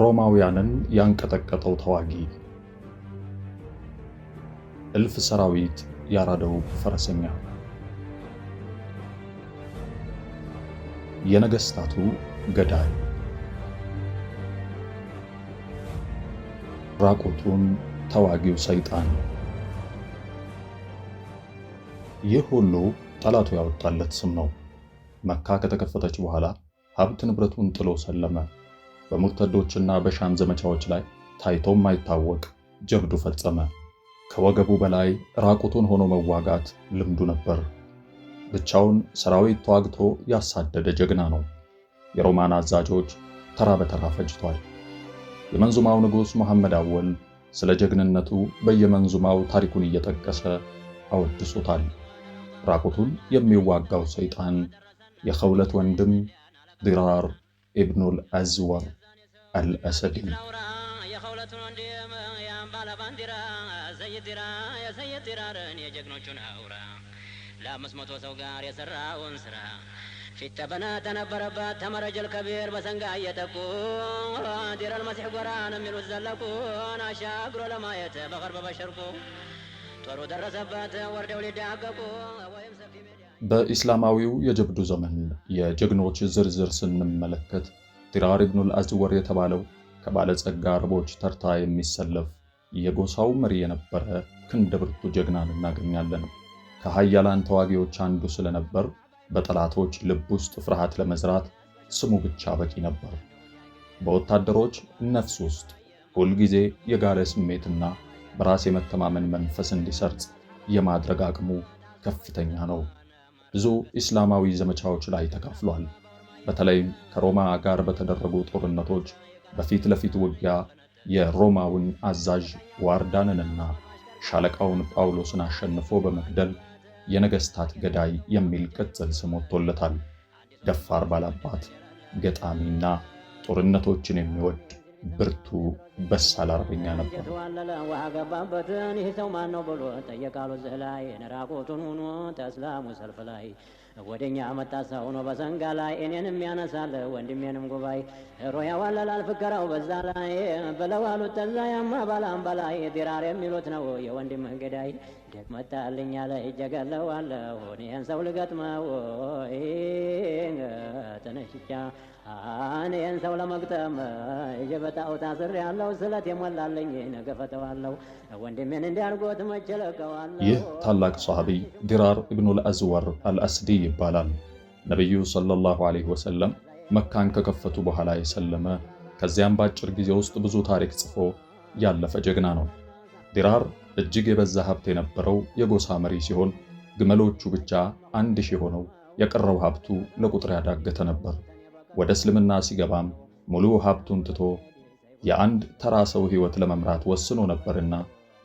ሮማውያንን ያንቀጠቀጠው ተዋጊ እልፍ ሰራዊት ያራደው ፈረሰኛ የነገስታቱ ገዳይ ራቁቱን ተዋጊው ሰይጣን ይህ ሁሉ ጠላቱ ያወጣለት ስም ነው። መካ ከተከፈተች በኋላ ሀብት ንብረቱን ጥሎ ሰለመ። በሙርተዶችና በሻም ዘመቻዎች ላይ ታይቶም ማይታወቅ ጀብዱ ፈጸመ። ከወገቡ በላይ ራቁቱን ሆኖ መዋጋት ልምዱ ነበር። ብቻውን ሰራዊት ተዋግቶ ያሳደደ ጀግና ነው። የሮማን አዛዦች ተራ በተራ ፈጅቷል። የመንዙማው ንጉሥ መሐመድ አወል ስለ ጀግንነቱ በየመንዙማው ታሪኩን እየጠቀሰ አወድሶታል። ራቁቱን የሚዋጋው ሰይጣን የኸውለት ወንድም ዲራር ኢብኑል አዝወር አልአሰዲ ለአምስት መቶ ሰው ጋር የሰራውን ስራ ፊት በናት ተነበረባት ተመረጀል ከቢር በሰንጋ እየጠቁ ዲረል መሲሕ ጎራን የሚሉት ዘለቁን አሻግሮ ለማየት በቀርበ በሸርቁ በኢስላማዊው የጀብዱ ዘመን የጀግኖች ዝርዝር ስንመለከት ዲራር ኢብኑል አዝወር የተባለው ከባለጸጋ አረቦች ተርታ የሚሰለፍ የጎሳው መሪ የነበረ ክንደ ብርቱ ጀግናን እናገኛለን። ከሀያላን ተዋጊዎች አንዱ ስለነበር በጠላቶች ልብ ውስጥ ፍርሃት ለመዝራት ስሙ ብቻ በቂ ነበር። በወታደሮች ነፍስ ውስጥ ሁልጊዜ የጋለ ስሜትና በራስ የመተማመን መንፈስ እንዲሰርጽ የማድረግ አቅሙ ከፍተኛ ነው። ብዙ ኢስላማዊ ዘመቻዎች ላይ ተካፍሏል። በተለይም ከሮማ ጋር በተደረጉ ጦርነቶች በፊት ለፊት ውጊያ የሮማውን አዛዥ ዋርዳንንና ሻለቃውን ጳውሎስን አሸንፎ በመግደል የነገሥታት ገዳይ የሚል ቅጽል ስም ወጥቶለታል። ደፋር ባላባት፣ ገጣሚና ጦርነቶችን የሚወድ ብርቱ በሳል አርበኛ ነበር። ገባበትን ይህ ሰው ማን ነው ብሎ ጠየቃሉ። ዝህ ላይ ራቁቱን ሁኖ ተስላሙ ሰልፍ ላይ ወደኛ መጣ ሰው ነው በሰንጋ ላይ እኔንም ያነሳል ወንድሜንም ጉባኤ ሮያ ዋለላል ፍከራው በዛ ላይ ብለዋሉት ተዛያማ ባላም በላይ ዲራር የሚሉት ነው የወንድምህ ገዳይ ደክመታልኛ ላይ እጀገለዋለሁ እኔን ሰው ልገጥመው ተነሽቻ እኔን ሰው ለመግጠም እጀበጣው ታስር ያለው ስለት የሞላልኝ ነገ ፈተዋለሁ ወንድሜን እንዲያርጎት መችለቀዋለሁ። ይህ ታላቅ ሰሃቢ ዲራር እብኑ አዝወር አልአስዲ ይባላል። ነቢዩ ሰለላሁ ዐለይሂ ወሰለም መካን ከከፈቱ በኋላ የሰለመ ከዚያም በአጭር ጊዜ ውስጥ ብዙ ታሪክ ጽፎ ያለፈ ጀግና ነው ዲራር እጅግ የበዛ ሀብት የነበረው የጎሳ መሪ ሲሆን ግመሎቹ ብቻ አንድ ሺህ ሆነው የቀረው ሀብቱ ለቁጥር ያዳገተ ነበር። ወደ እስልምና ሲገባም ሙሉ ሀብቱን ትቶ የአንድ ተራ ሰው ሕይወት ለመምራት ወስኖ ነበርና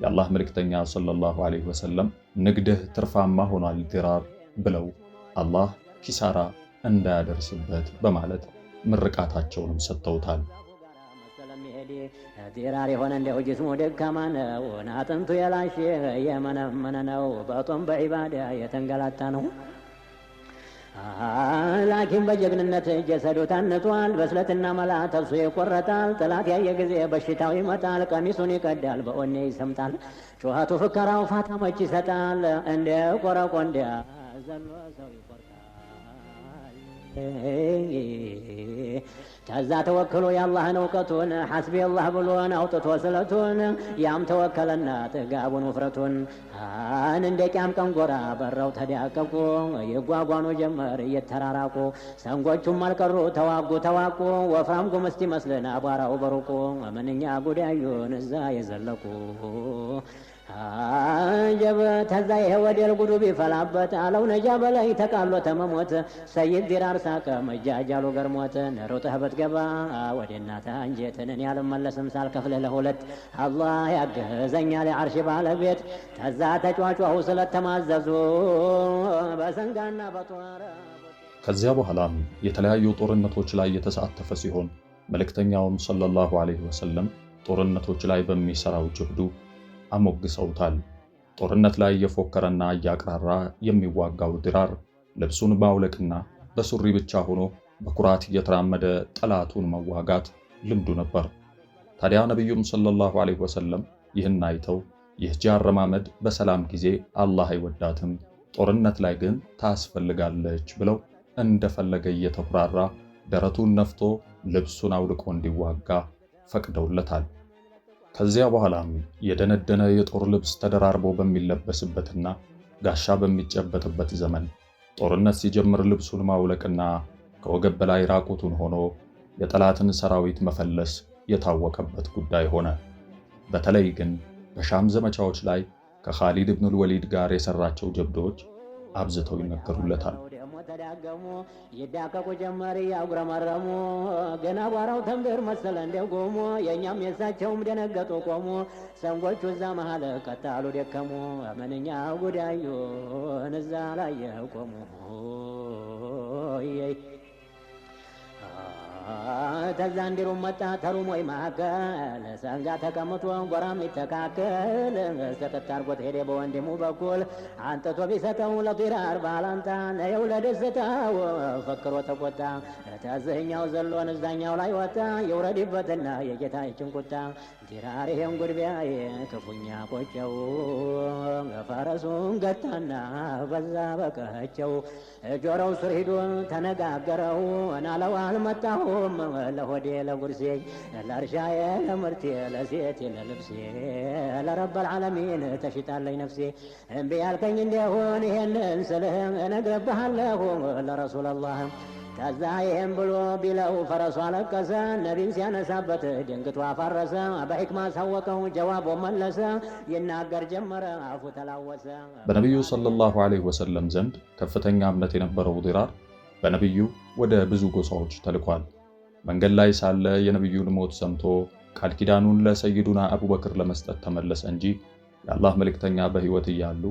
የአላህ መልእክተኛ ሰለላሁ ዐለይሂ ወሰለም ንግድህ ትርፋማ ሆኗል ዲራር ብለው አላህ ኪሳራ እንዳያደርስበት በማለት ምርቃታቸውንም ሰጥተውታል። ዜራር የሆነ እንዲሁ ጅስሙ ደካማ ነው፣ አጥንቱ የላሸ የመነመነ ነው፣ በጦም በዒባዳ የተንገላታ ነው። ላኪን በጀግንነት ጀሰዱ ታንቷል፣ በስለትና መላ ተብሶ ይቆረጣል። ጥላት ያየ ጊዜ በሽታው ይመጣል፣ ቀሚሱን ይቀዳል፣ በኦኔ ይሰምጣል። ጩኸቱ ፍከራው ፋታ መች ይሰጣል፣ እንደ ቆረቆንዲያ ዘሎ ሰው ከዛ ተወክሎ የአላህን እውቀቱን ሐስቢ አላህ ብሎን አውጥቶ ስለቱን ያም ተወከለና ጥጋቡን ውፍረቱን አን እንደ ቂያም ቀንጎራ በረው ተዳቀቁ ይጓጓኑ ጀመር እየተራራቁ ሰንጎቹም አልቀሩ ተዋጉ ተዋቁ ወፍራም ጉም መስልን አቧራው በሩቁ ምንኛ ጉዳዩን እዛ የዘለቁ አጀበ ተዛ ይሄ ወዴል ጉዱ ቢፈላበት አለው ነጃ በላይ ተቃሎ ተመሞት ሰይድ ዚራር ሳቀ ገርሞት ሮጠህ ብትገባ ወደ እናትህ አንጀትን እኔ አልመለስም ሳልከፍልህ ለሁለት አላህ ያግዘኛል የዓርሽ ባለቤት ተዛ ተጫጫሁ ስለተማዘዙ በሰንጋና በጧረ ከዚያ በኋላም የተለያዩ ጦርነቶች ላይ የተሳተፈ ሲሆን መልእክተኛውም ሰለላሁ ዐለይሂ ወሰለም ጦርነቶች ላይ በሚሰራው ጅህዱ አሞግሰውታል። ጦርነት ላይ እየፎከረና እያቅራራ የሚዋጋው ድራር ልብሱን ማውለቅና በሱሪ ብቻ ሆኖ በኩራት እየተራመደ ጠላቱን መዋጋት ልምዱ ነበር። ታዲያ ነቢዩም ሰለላሁ ዐለይሂ ወሰለም ይህን አይተው ይህች አረማመድ በሰላም ጊዜ አላህ አይወዳትም፣ ጦርነት ላይ ግን ታስፈልጋለች ብለው እንደፈለገ እየተኩራራ ደረቱን ነፍቶ ልብሱን አውልቆ እንዲዋጋ ፈቅደውለታል። ከዚያ በኋላም የደነደነ የጦር ልብስ ተደራርቦ በሚለበስበትና ጋሻ በሚጨበጥበት ዘመን ጦርነት ሲጀምር ልብሱን ማውለቅና ከወገብ በላይ ራቁቱን ሆኖ የጠላትን ሰራዊት መፈለስ የታወቀበት ጉዳይ ሆነ። በተለይ ግን በሻም ዘመቻዎች ላይ ከኻሊድ ኢብኑል ወሊድ ጋር የሰራቸው ጀብዶዎች አብዝተው ይነገሩለታል። ተደጋገሙ ይዳከቁ ጀመር ያጉረመረሙ ገና ቧራው ተንብር መሰለ እንደ ጎሙ የእኛም የእሳቸውም ደነገጡ ቆሙ ሰንጎቹ እዛ መሀል ቀጣሉ ደከሙ ምንኛ ጉዳዩን እዛ ላይ ቆሙ ተዛ እንዲሩ መጣ ተሩም ወይ ማዕከል ሰንጋ ተቀምጦ ጎራም ይተካከል ሰተት አርጎት ሄደ በወንድሙ በኩል አንጥቶ ቢሰጠው ለጢራ አርባ ላንጣ ነየው ለደስታው ፈክሮ ተቆጣ ተዘኛው ዘሎን እዛኛው ላይ ወጣ የውረድበትና የጌታ ይችን ቁጣ ፊራሬውን ጉድቢያዬ ክፉኛ ቆጨው ፈረሱን ገታና በዛ በቀቸው ጆሮው ስር ሂዶ ተነጋገረው ናለው አልመጣሁም ለሆዴ ለጉርሴ ለእርሻዬ ለምርቴ ለሴቴ ለልብሴ ለረበል ዓለሚን ተሽጣለኝ ነፍሴ እምቢ ያልከኝ እንዲሆን ይሄንን ስልህ እነግርብሃለሁ ለረሱላላህ ከዛ ይህም ብሎ ቢለው ፈረሱ አለቀሰ። ነቢም ሲያነሳበት ድንግቱ አፈረሰ። በሕክማ ሳወቀው ጀዋቦ መለሰ። ይናገር ጀመረ አፉ ተላወሰ። በነቢዩ ሰለላሁ ዐለይሂ ወሰለም ዘንድ ከፍተኛ እምነት የነበረው ዲራር በነቢዩ ወደ ብዙ ጎሳዎች ተልኳል። መንገድ ላይ ሳለ የነቢዩን ሞት ሰምቶ ቃል ኪዳኑን ለሰይዱና አቡበክር ለመስጠት ተመለሰ እንጂ የአላህ መልእክተኛ በሕይወት እያሉ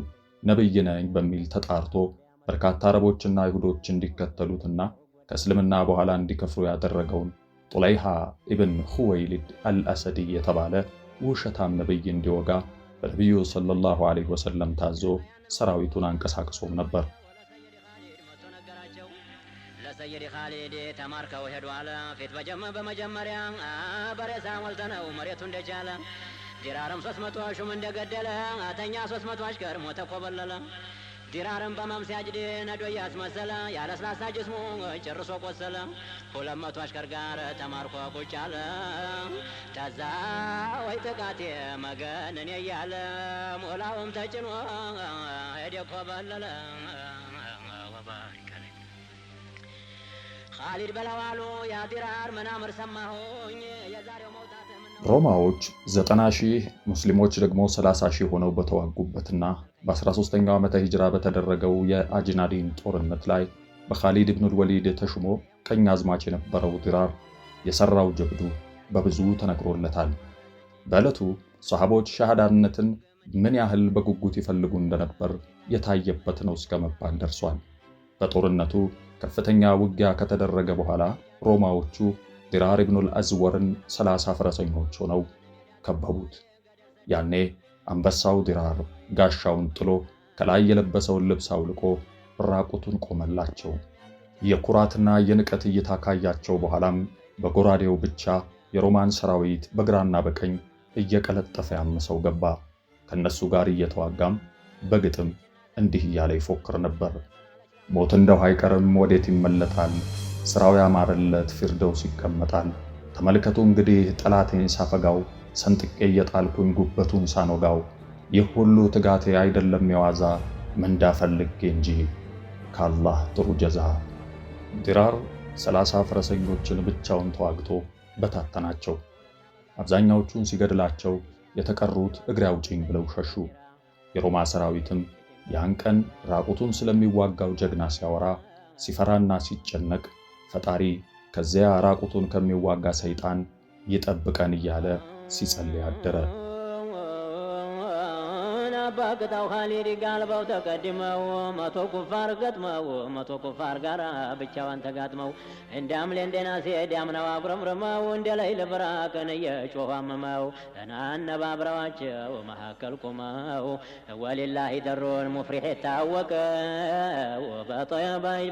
ነቢይ ነኝ በሚል ተጣርቶ በርካታ አረቦችና አይሁዶች እንዲከተሉትና ከእስልምና በኋላ እንዲከፍሩ ያደረገውን ጡለይሃ ኢብን ሁወይሊድ አልአሰዲ የተባለ ውሸታም ነብይ እንዲወጋ በነቢዩ ሰለላሁ ዐለይሂ ወሰለም ታዞ ሰራዊቱን አንቀሳቅሶም ነበር። ሰይድ ኻሊድ ተማርከው ሄዷል። ፊት በመጀመሪያ በሬሳ ሞልተነው መሬቱ እንደቻለ ዲራርም ሶስት መቶ ሹም እንደገደለ አተኛ ሶስት መቶ አሽከር ሞተ ኮበለለ ዲራርን በመምሲያጅድ ነዶ እያስመሰለ ያለስላሳ ጅስሙ ጭርሶ ቆሰለ። ሁለት መቶ አሽከር ጋር ተማርኮ ቁጭ አለ። ተዛ ወይ ጥቃቴ መገንኔ እያለ ሞላውም ተጭኖ ሄደኮ በለለ ካሊድ በለዋሉ ያዲራር ምናምር ሰማሁኝ የዛሬው ሮማዎች 90 ሺህ ሙስሊሞች ደግሞ 30 ሺህ ሆነው በተዋጉበትና በ13ኛው ዓመተ ሂጅራ በተደረገው የአጅናዲን ጦርነት ላይ በኻሊድ ብኑል ወሊድ ተሹሞ ቀኝ አዝማች የነበረው ዲራር የሰራው ጀብዱ በብዙ ተነግሮለታል። በዕለቱ ሰሃቦች ሻሃዳነትን ምን ያህል በጉጉት ይፈልጉ እንደነበር የታየበት ነው እስከ መባል ደርሷል። በጦርነቱ ከፍተኛ ውጊያ ከተደረገ በኋላ ሮማዎቹ ዲራር ኢብኑል አዝወርን ሰላሳ ፈረሰኞች ሆነው ከበቡት። ያኔ አንበሳው ዲራር ጋሻውን ጥሎ ከላይ የለበሰውን ልብስ አውልቆ ራቁቱን ቆመላቸው። የኩራትና የንቀት እይታ ካያቸው በኋላም በጎራዴው ብቻ የሮማን ሰራዊት በግራና በቀኝ እየቀለጠፈ ያመሰው ገባ። ከነሱ ጋር እየተዋጋም በግጥም እንዲህ እያለ ይፎክር ነበር። ሞት እንደው አይቀርም ወዴት ይመለታል ስራው ያማረለት ፊርደውስ ይቀመጣል። ተመልከቱ እንግዲህ ጠላቴን ሳፈጋው ሰንጥቄ እየጣልኩኝ ጉበቱን ሳኖጋው፣ ይህ ሁሉ ትጋቴ አይደለም የዋዛ ምንዳ ፈልጌ እንጂ ካላህ ጥሩ ጀዛ። ዲራር ሰላሳ ፈረሰኞችን ብቻውን ተዋግቶ በታተናቸው። አብዛኛዎቹን ሲገድላቸው የተቀሩት እግሬ አውጪኝ ብለው ሸሹ። የሮማ ሰራዊትም ያን ቀን ራቁቱን ስለሚዋጋው ጀግና ሲያወራ ሲፈራና ሲጨነቅ ፈጣሪ ከዚያ ራቁቱን ከሚዋጋ ሰይጣን ይጠብቀን እያለ ሲጸልይ አደረ። በቅጣው ኻሊድ ጋልበው ተቀድመው መቶ ኩፋር ገጥመው መቶ ኩፋር ጋር ብቻዋን ተጋጥመው እንደ እንዳምሌ እንደናሴ ዳምናው አጉረምርመው እንደ ለይል ልብራቅን እየጮሁ አምመው ተናነባብረዋቸው መሀከል ቁመው ወሊላሂ ደሩን ሙፍሪሕ የታወቀው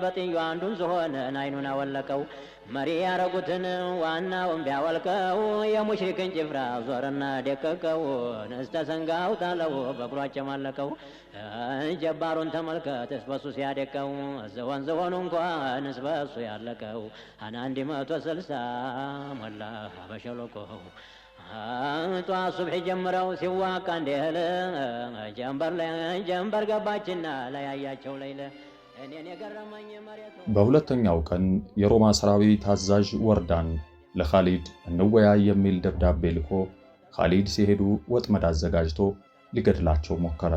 በጥዩ አንዱን ዝሆንን አይኑን አወለቀው መሪ ያረጉትን ዋናውን ቢያወልቀው የሙሽሪክን ጭፍራ ዞረና ደቀቀው። ንስተ ሰንጋው ጣለው በእግሯ አጨማለቀው። ጀባሩን ተመልከት እስበሱ ሲያደቀው ዝሆን ዝሆኑ እንኳን እስበሱ ያለቀው አናንድ መቶ ስልሳ ሞላ በሸለቆው ጠዋት ሱብሒ ጀምረው ሲዋቃ እንዲህል ጀንበር ጀንበር ገባችና ለያያቸው ለይለ በሁለተኛው ቀን የሮማ ሰራዊት አዛዥ ወርዳን ለካሊድ እንወያይ የሚል ደብዳቤ ልኮ ካሊድ ሲሄዱ ወጥመድ አዘጋጅቶ ሊገድላቸው ሞከረ።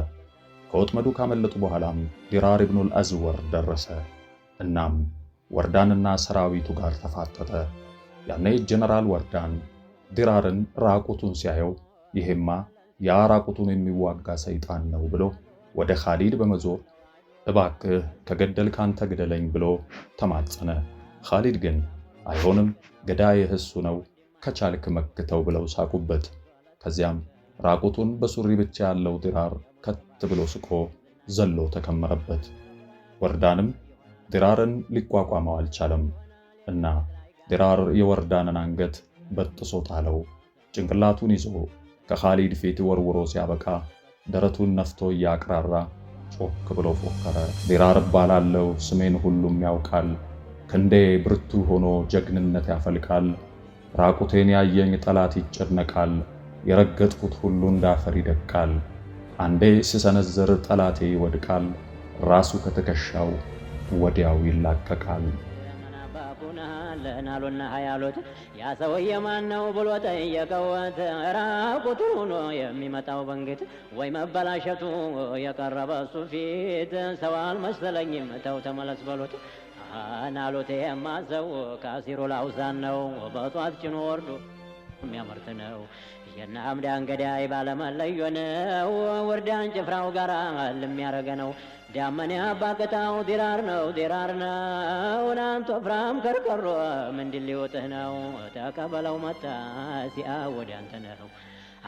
ከወጥመዱ ካመለጡ በኋላም ዲራር ኢብኑል አዝወር ደረሰ። እናም ወርዳንና ሰራዊቱ ጋር ተፋጠጠ። ያኔ ጀነራል ወርዳን ዲራርን ራቁቱን ሲያየው ይሄማ ያ ራቁቱን የሚዋጋ ሰይጣን ነው ብሎ ወደ ካሊድ በመዞር እባክህ ከገደልክ አንተ ግደለኝ ብሎ ተማጸነ። ኻሊድ ግን አይሆንም፣ ገዳይህ እሱ ነው፣ ከቻልክ መክተው ብለው ሳቁበት። ከዚያም ራቁቱን በሱሪ ብቻ ያለው ዲራር ከት ብሎ ስቆ ዘሎ ተከመረበት። ወርዳንም ዲራርን ሊቋቋመው አልቻለም እና ዲራር የወርዳንን አንገት በጥሶ ጣለው። ጭንቅላቱን ይዞ ከኻሊድ ፊት ወርውሮ ሲያበቃ ደረቱን ነፍቶ እያቅራራ ጮክ ብሎ ፎከረ። ቢራር እባላለሁ፣ ስሜን ሁሉም ያውቃል። ክንዴ ብርቱ ሆኖ ጀግንነት ያፈልቃል። ራቁቴን ያየኝ ጠላት ይጨነቃል። የረገጥኩት ሁሉ እንዳፈር ይደቃል። አንዴ ስሰነዝር ጠላቴ ይወድቃል። ራሱ ከትከሻው ወዲያው ይላቀቃል። አለህን አሉና አያሉት ያ ሰውዬ ማን ነው ብሎ ጠየቀው ራቁቱን ሆኖ የሚመጣው በንግት ወይ መበላሸቱ የቀረበ እሱ ፊት ሰው አልመሰለኝም ተው ተመለስ በሉት። አናሉት የማ ሰው ከአሲሩ ላውዛን ነው በጧት ጭኖ ወርዶ የሚያመርት ነው። የነ አምዳን ገዳይ ባለመለዮ ነው። ወርዳን ጭፍራው ጋር ልሚያረገ ነው ዳመና ባገታው ዲራር ነው ዲራር ነው ናንተ ፍራም ከርከሮ ምንድን ሊውጥህ ነው ተቀበለው መጣ ሲአ ወዲያንተ ነው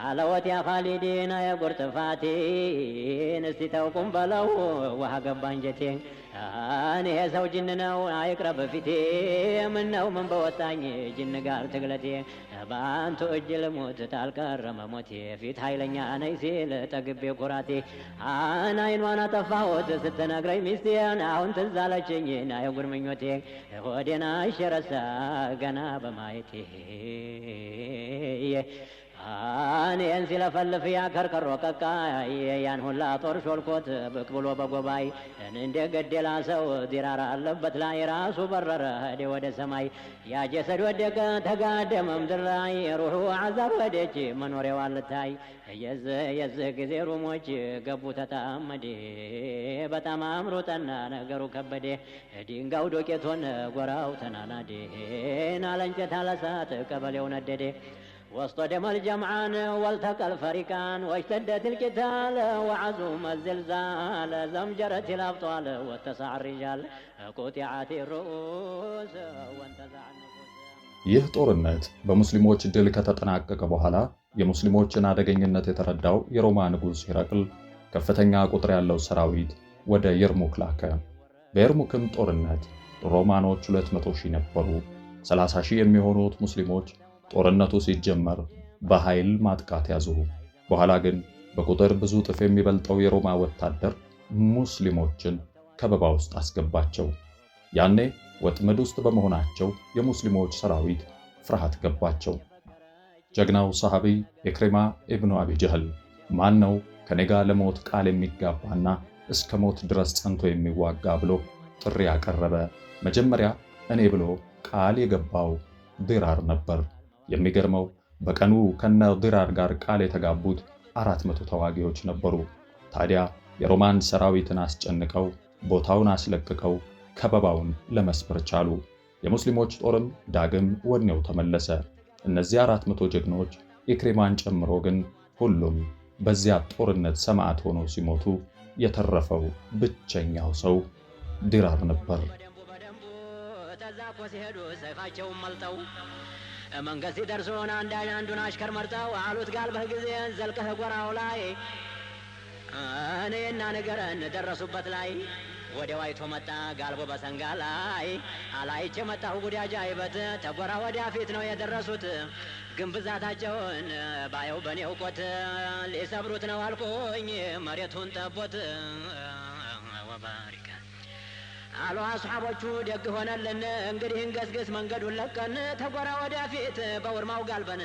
አለወት ያ ኻሊዲን የጉር ጥፋቴን እስቲ ተውቁም በለው ውሃ ገባ እንጀቴ እኔ ሰው ጅን ነው አይቅረብ ፊቴ ምን ነው ምን በወጣኝ ጅን ጋር ትግለቴ በአንቱ እጅ ልሙት ታልቀረ መሞቴ ፊት ኃይለኛ ነይ ሲል ጠግቤ ኩራቴ አን አይኗን አጠፋሁት ስትነግረኝ ሚስቴን አሁን ትዝ አለችኝ ና የጉር ምኞቴ ሆዴና ሸረሳ ገና በማየቴ እኔን ሲለፈልፍ ያ ከርከሮ ቀቃ ያን ሁላ ጦር ሾልኮት ብቅ ብሎ በጎባይ እንደ ገደላ ሰው ዲራራ አለበት ላይ ራሱ በረረ ሄደ ወደ ሰማይ ያ ጀሰድ ወደቀ ተጋደመ ምድር ላይ ሩሑ አዛብ ወደች አልታይ ልታይ የዚህ ጊዜ ሩሞች ገቡ ተጣመዴ በጣም አምሮ ጠና ነገሩ ከበዴ ድንጋው ዶቄቶን ጎራው ተናናዴ ናለንጨት አለሳት ቀበሌው ነደዴ واصطدم الجمعان والتقى الفريقان واشتدت القتال وعزوم الزلزال زمجرت الأبطال واتسع الرجال قطعت الرؤوس وانتزع ይህ ጦርነት በሙስሊሞች ድል ከተጠናቀቀ በኋላ የሙስሊሞችን አደገኝነት የተረዳው የሮማ ንጉሥ ሂረቅል ከፍተኛ ቁጥር ያለው ሰራዊት ወደ የርሙክ ላከ። በየርሙክም ጦርነት ሮማኖች 200 ሺህ ነበሩ። 30 ሺህ የሚሆኑት ሙስሊሞች ጦርነቱ ሲጀመር በኃይል ማጥቃት ያዙ። በኋላ ግን በቁጥር ብዙ እጥፍ የሚበልጠው የሮማ ወታደር ሙስሊሞችን ከበባ ውስጥ አስገባቸው። ያኔ ወጥመድ ውስጥ በመሆናቸው የሙስሊሞች ሰራዊት ፍርሃት ገባቸው። ጀግናው ሰሃቢ ኢክሪማ ኢብኑ አቢ ጀህል ማን ነው ከኔ ጋር ለሞት ቃል የሚጋባና እስከ ሞት ድረስ ጸንቶ የሚዋጋ ብሎ ጥሪ ያቀረበ? መጀመሪያ እኔ ብሎ ቃል የገባው ዲራር ነበር። የሚገርመው በቀኑ ከነ ድራር ጋር ቃል የተጋቡት አራት መቶ ተዋጊዎች ነበሩ። ታዲያ የሮማን ሰራዊትን አስጨንቀው ቦታውን አስለቅቀው ከበባውን ለመስበር ቻሉ። የሙስሊሞች ጦርም ዳግም ወኔው ተመለሰ። እነዚህ አራት መቶ ጀግኖች ኢክሪማን ጨምሮ ግን ሁሉም በዚያ ጦርነት ሰማዕት ሆነው ሲሞቱ የተረፈው ብቸኛው ሰው ድራር ነበር። መንገስ መንገድ ሲደርሱ አንዱን አሽከር መርጠው አሉት ጋልበህ ጊዜን ዘልቀህ ጎራው ላይ እኔና ንገረን ደረሱበት ላይ ወዲያው አይቶ መጣ ጋልቦ በሰንጋ ላይ አላይቼ መጣሁ ጉዳጃ አይበት ተጎራ ወዲያ ፊት ነው የደረሱት ግን ብዛታቸውን ባየው በኔ እውቆት ሊሰብሩት ነው አልኩኝ መሬቱን ጠቦት ወባሪካ አሉ አስሓቦቹ ደግ ሆነልን እንግዲህ እንገስግስ መንገዱን ለቀን ተጎራ ወደፊት በውርማው ጋልበን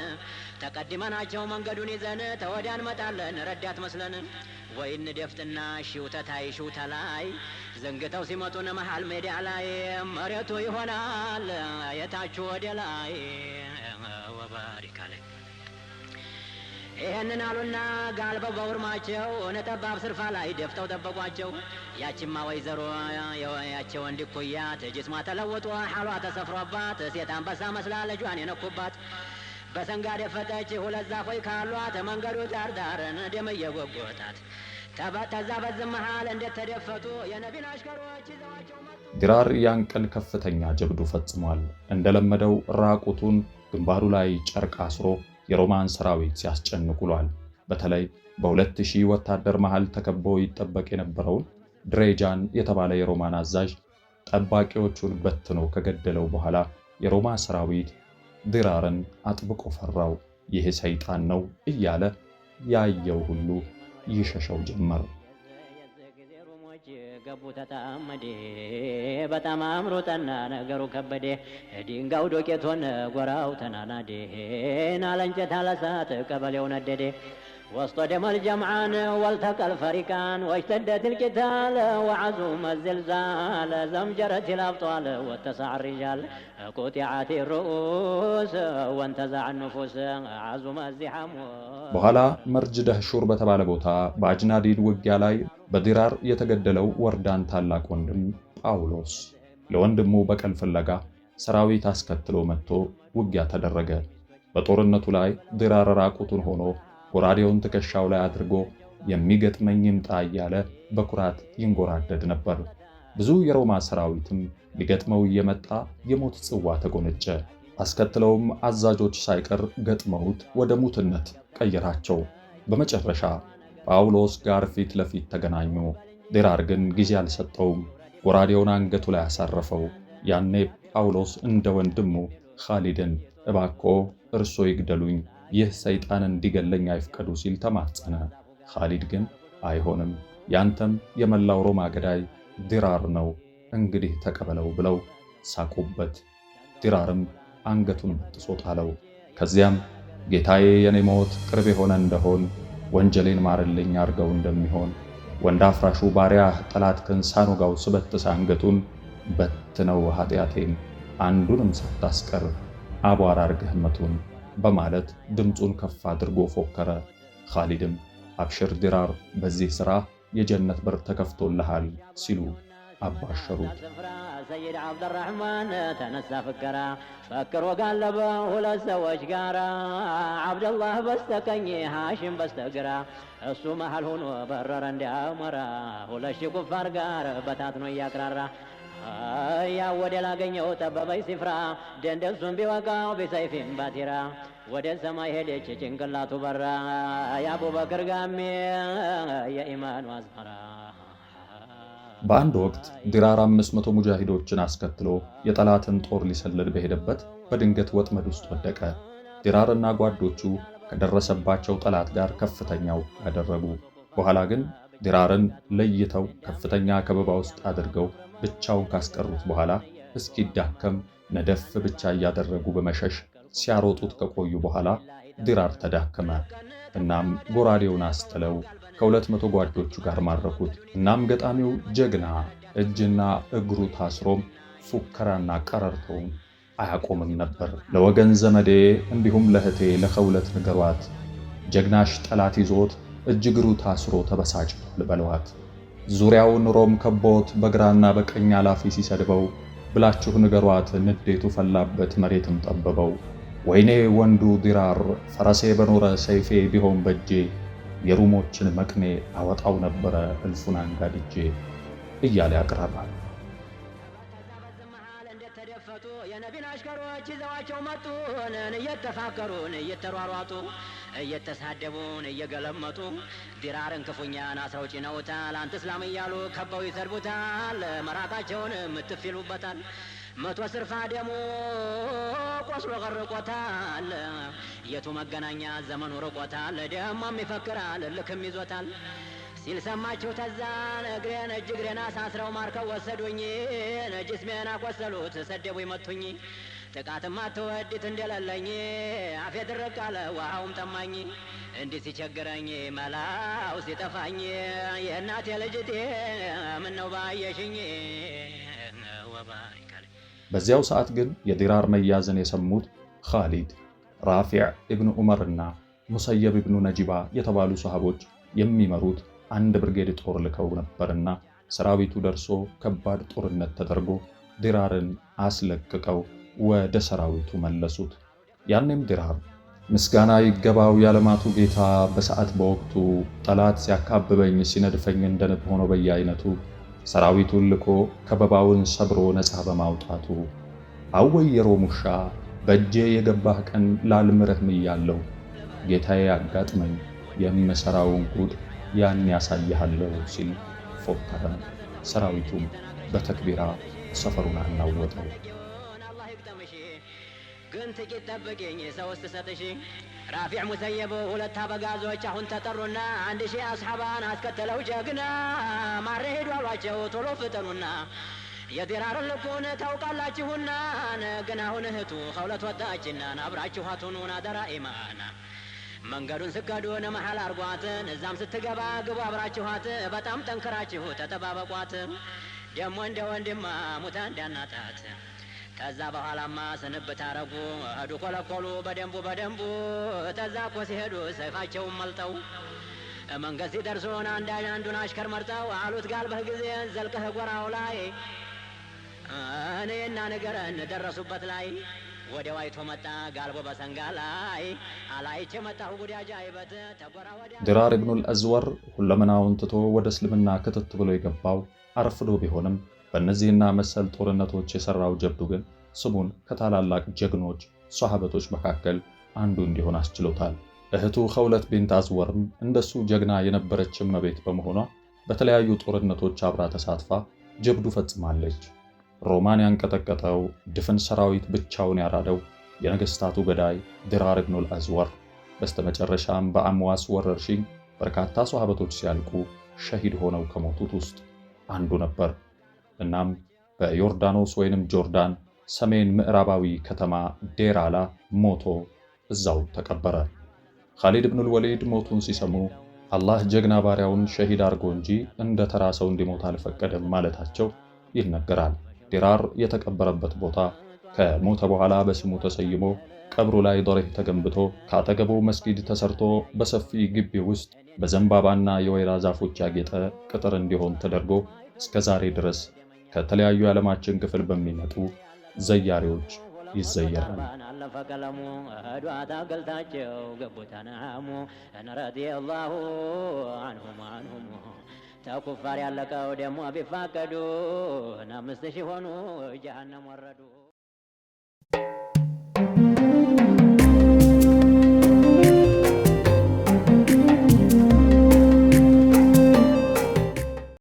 ተቀድመናቸው መንገዱን ይዘን ተወዲያ እንመጣለን ረዳት መስለን ወይን ደፍጥና ሽውተታይ ሽውተ ላይ ዘንግተው ሲመጡን መሃል ሜዳ ላይ መሬቱ ይሆናል የታችሁ ወደ ላይ ወባሪካ ላይ ይህንን አሉና ጋልበው በውርማቸው እውነት ጠባብ ስርፋ ላይ ደፍተው ጠበቋቸው። ያቺማ ወይዘሮ የወያቸው ወንድ ኩያ ትጅስሟ ተለውጦ ሐሏ ተሰፍሯባት ሴት አንበሳ መስላ ልጇን የነኩባት በሰንጋ ደፈጠች ሁለት ዛፎች ካሏት መንገዱ ዳር ዳርን ደም እየጎጎታት ተዛ በዝ መሃል እንዴት ተደፈጡ የነቢን አሽከሮች ይዘዋቸው ግራር ያን ከፍተኛ ጀብዱ ፈጽሟል። እንደለመደው ራቁቱን ግንባሩ ላይ ጨርቅ አስሮ የሮማን ሰራዊት ሲያስጨንቅ ውሏል። በተለይ በሁለት ሺህ ወታደር መሃል ተከቦ ይጠበቅ የነበረውን ድሬጃን የተባለ የሮማን አዛዥ ጠባቂዎቹን በትኖ ከገደለው በኋላ የሮማ ሰራዊት ድራርን አጥብቆ ፈራው። ይህ ሰይጣን ነው እያለ ያየው ሁሉ ይሸሸው ጀመር። የገቡ ተታመዴ በጣም አምሮ ጠና ነገሩ ከበዴ ድንጋው ዶቄት ጎራው ተናናዴ ናለንጨት አለሳት ቀበሌው ነደዴ ወስጦ ደመል ጀምዓን ወልተቀል ፈሪቃን ወሽተደ ትልቂታል ወዓዙ መዝልዛል ዘምጀረት ይላብጧል ወተሳዕ ቁጢዓት ርኡስ ወንተዛዕ ንፉስ ዓዙ መዚሓሞ በኋላ መርጅ ደህሹር በተባለ ቦታ በአጅናዲድ ውጊያ ላይ በዲራር የተገደለው ወርዳን ታላቅ ወንድም ጳውሎስ ለወንድሙ በቀል ፍለጋ ሰራዊት አስከትሎ መጥቶ ውጊያ ተደረገ። በጦርነቱ ላይ ዲራር ራቁቱን ሆኖ ጎራዴውን ትከሻው ላይ አድርጎ የሚገጥመኝ ይምጣ እያለ በኩራት ይንጎራደድ ነበር። ብዙ የሮማ ሰራዊትም ሊገጥመው እየመጣ የሞት ጽዋ ተጎነጨ። አስከትለውም አዛዦች ሳይቀር ገጥመውት ወደ ሙትነት ቀየራቸው። በመጨረሻ ጳውሎስ ጋር ፊት ለፊት ተገናኙ። ዴራር ግን ጊዜ አልሰጠውም፣ ጎራዴውን አንገቱ ላይ አሳረፈው። ያኔ ጳውሎስ እንደ ወንድሙ ኻሊድን እባኮ እርሶ ይግደሉኝ፣ ይህ ሰይጣን እንዲገለኝ አይፍቀዱ ሲል ተማጸነ። ኻሊድ ግን አይሆንም፣ ያንተም የመላው ሮማ ገዳይ ዲራር ነው፣ እንግዲህ ተቀበለው ብለው ሳቁበት። ዲራርም አንገቱን በጥሶ ጣለው። ከዚያም ጌታዬ የኔ ሞት ቅርብ የሆነ እንደሆን ወንጀሌን ማርልኝ አርገው እንደሚሆን ወንድ አፍራሹ ባሪያ ጠላት ክንሳን ወጋው ስበጥስ አንገቱን በትነው ኃጢአቴን አንዱንም ሳታስቀር አቧራ አርገህ መቱን በማለት ድምፁን ከፍ አድርጎ ፎከረ። ኻሊድም አብሽር ዲራር፣ በዚህ ሥራ የጀነት በር ተከፍቶልሃል ሲሉ አባሸሩት። ሰይድ አብደራህማን ተነሳ ፍከራ ፈክር ወጋለበ ሁለት ሰዎች ጋራ አብደላህ በስተቀኝ ሃሽም በስተግራ እሱ መሃል ሆኖ በረረ እንዲያመራ ሁለት ሺህ ኩፋር ጋር በታትኖ እያቅራራ ያ ወደ ላገኘው ጠበበይ ሲፍራ ደንደሱን ቢወጋው ቢሰይፊም ባቲራ ወደ ሰማይ ሄደች ጭንቅላቱ በራ የአቡበክር ጋሜ የኢማኑ አዝመራ በአንድ ወቅት ዲራር 500 ሙጃሂዶችን አስከትሎ የጠላትን ጦር ሊሰልል በሄደበት በድንገት ወጥመድ ውስጥ ወደቀ። ዲራርና ጓዶቹ ከደረሰባቸው ጠላት ጋር ከፍተኛው ያደረጉ፣ በኋላ ግን ዲራርን ለይተው ከፍተኛ ከበባ ውስጥ አድርገው ብቻውን ካስቀሩት በኋላ እስኪዳከም ነደፍ ብቻ እያደረጉ በመሸሽ ሲያሮጡት ከቆዩ በኋላ ዲራር ተዳከመ። እናም ጎራዴውን አስጥለው ከሁለት መቶ ጓዶቹ ጋር ማረኩት። እናም ገጣሚው ጀግና እጅና እግሩ ታስሮም ፉከራና ቀረርቶውም አያቆምም ነበር። ለወገን ዘመዴ እንዲሁም ለእህቴ ለከውለት ንገሯት፣ ጀግናሽ ጠላት ይዞት እጅ እግሩ ታስሮ ተበሳጭቷል በለዋት። ዙሪያው ኑሮም ከቦት በግራና በቀኝ አላፊ ሲሰድበው ብላችሁ ንገሯት፣ ንዴቱ ፈላበት መሬትም ጠበበው። ወይኔ ወንዱ ዲራር ፈረሴ በኖረ ሰይፌ ቢሆን በጄ የሩሞችን መቅኔ አወጣው ነበረ እልፉን አንጋድጄ እያለ ያቅራራል። የነቢን አሽከሮች ይዘዋቸው መጡን እየተፋከሩን እየተሯሯጡ እየተሳደቡን እየገለመጡ ዲራርን ክፉኛን አስረው ጭነውታል። አንተ እስላም እያሉ ከበው ይሰድቡታል። መራታቸውን ምትፍ መቶ ስርፋ ደሞ ቆስሎ ቀርቆታል የቱ መገናኛ ዘመኑ ርቆታል። ደሞም ይፈክራል ልክም ይዞታል ሲል ሰማችሁ ተዛ እግሬን እጅ እግሬን አሳስረው ማርከው ወሰዱኝ። ነጅስሜን አቆሰሉት ሰደቡ መቱኝ። ጥቃትም አትወዲት እንደሌለኝ አፌ ድርቅ አለ ውሃውም ጠማኝ። እንዲህ ሲቸግረኝ መላው ሲጠፋኝ የእናቴ ልጅቴ ምነው ባየሽኝ ወባይ በዚያው ሰዓት ግን የዲራር መያዝን የሰሙት ኻሊድ፣ ራፊዕ ኢብኑ ዑመር እና ሙሰየብ ኢብኑ ነጂባ የተባሉ ሰሃቦች የሚመሩት አንድ ብርጌድ ጦር ልከው ነበርና ሰራዊቱ ደርሶ ከባድ ጦርነት ተደርጎ ዲራርን አስለቅቀው ወደ ሰራዊቱ መለሱት። ያኔም ዲራር ምስጋና ይገባው የዓለማቱ ጌታ በሰዓት በወቅቱ ጠላት ሲያካብበኝ ሲነድፈኝ እንደንብ ሆኖ በየአይነቱ ሰራዊቱን ልኮ ከበባውን ሰብሮ ነፃ በማውጣቱ አወይ የሮም ውሻ በእጄ የገባህ ቀን ላልምርህ ምያለው ጌታዬ አጋጥመኝ የምሰራውን ጉድ ያን ያሳይሃለሁ ሲል ፎከረ። ሰራዊቱም በተክቢራ ሰፈሩን አናወጠው። ግን ጥቂት ጠብቅኝ ሰውስት ሰጥሽ ራፊዕ ሙሰየብ ሁለት አበጋዞች አሁን ተጠሩና አንድ ሺህ አስሓባን አስከተለው ጀግና ማረሄዱ አሏቸው ቶሎ ፍጠኑና የዲራር ልኩን ታውቃላችሁና ነግን አሁን እህቱ ከሁለት ወጣችና አብራችሁ አትኑን አደራ ኢማና መንገዱን ስከዱን መሀል አርጓትን እዛም ስትገባ ግቡ አብራችኋት በጣም ጠንክራችሁ ተጠባበቋት ደሞ እንደ ወንድማ ሙታ እንዳናጣት ከዛ በኋላማ ስንብት አረጉ ሄዱ ኮለኮሉ በደንቡ በደንቡ ተዛ ኮ ሲሄዱ ሰይፋቸውን መልጠው መንገድ ሲደርሱን አንድ አንዱን አሽከር መርጠው አሉት ጋልበህ ጊዜ ዘልቀህ ጎራው ላይ እኔና ንገረን ደረሱበት ላይ ወደ ዋይቶ መጣ ጋልቦ በሰንጋ ላይ አላይቼ መጣሁ ጉዳጃ ይበት ተጎራ ወዲያ ድራር ኢብኑል አዝወር ሁለመናውን ትቶ ወደ እስልምና ክትት ብሎ የገባው አረፍዶ ቢሆንም በእነዚህና መሰል ጦርነቶች የሰራው ጀብዱ ግን ስሙን ከታላላቅ ጀግኖች ሷሃበቶች መካከል አንዱ እንዲሆን አስችሎታል። እህቱ ኸውለት ቢንት አዝወርም እንደሱ ጀግና የነበረች እመቤት በመሆኗ በተለያዩ ጦርነቶች አብራ ተሳትፋ ጀብዱ ፈጽማለች። ሮማን ያንቀጠቀጠው ድፍን ሰራዊት ብቻውን ያራደው የነገስታቱ ገዳይ ድራር ኢብኑል አዝወር በስተመጨረሻም በአምዋስ ወረርሽኝ በርካታ ሷሃበቶች ሲያልቁ ሸሂድ ሆነው ከሞቱት ውስጥ አንዱ ነበር። እናም በዮርዳኖስ ወይንም ጆርዳን ሰሜን ምዕራባዊ ከተማ ዴራላ ሞቶ እዛው ተቀበረ። ኻሊድ ብኑል ወሊድ ሞቱን ሲሰሙ አላህ ጀግና ባሪያውን ሸሂድ አርጎ እንጂ እንደ ተራ ሰው እንዲሞት አልፈቀደም ማለታቸው ይነገራል። ዲራር የተቀበረበት ቦታ ከሞተ በኋላ በስሙ ተሰይሞ ቀብሩ ላይ ዶሬህ ተገንብቶ ከአጠገቡ መስጊድ ተሰርቶ በሰፊ ግቢ ውስጥ በዘንባባና የወይራ ዛፎች ያጌጠ ቅጥር እንዲሆን ተደርጎ እስከ ዛሬ ድረስ ከተለያዩ የዓለማችን ክፍል በሚመጡ ዘያሪዎች ይዘያል። ፈቀለሙ እህዱ ረዲየላሁ አንሁም አንሁም ተኩፋር ያለቀው ደግሞ ቢፋቀዱ አምስት ሺህ ሆኑ ጀሃነም ወረዱ።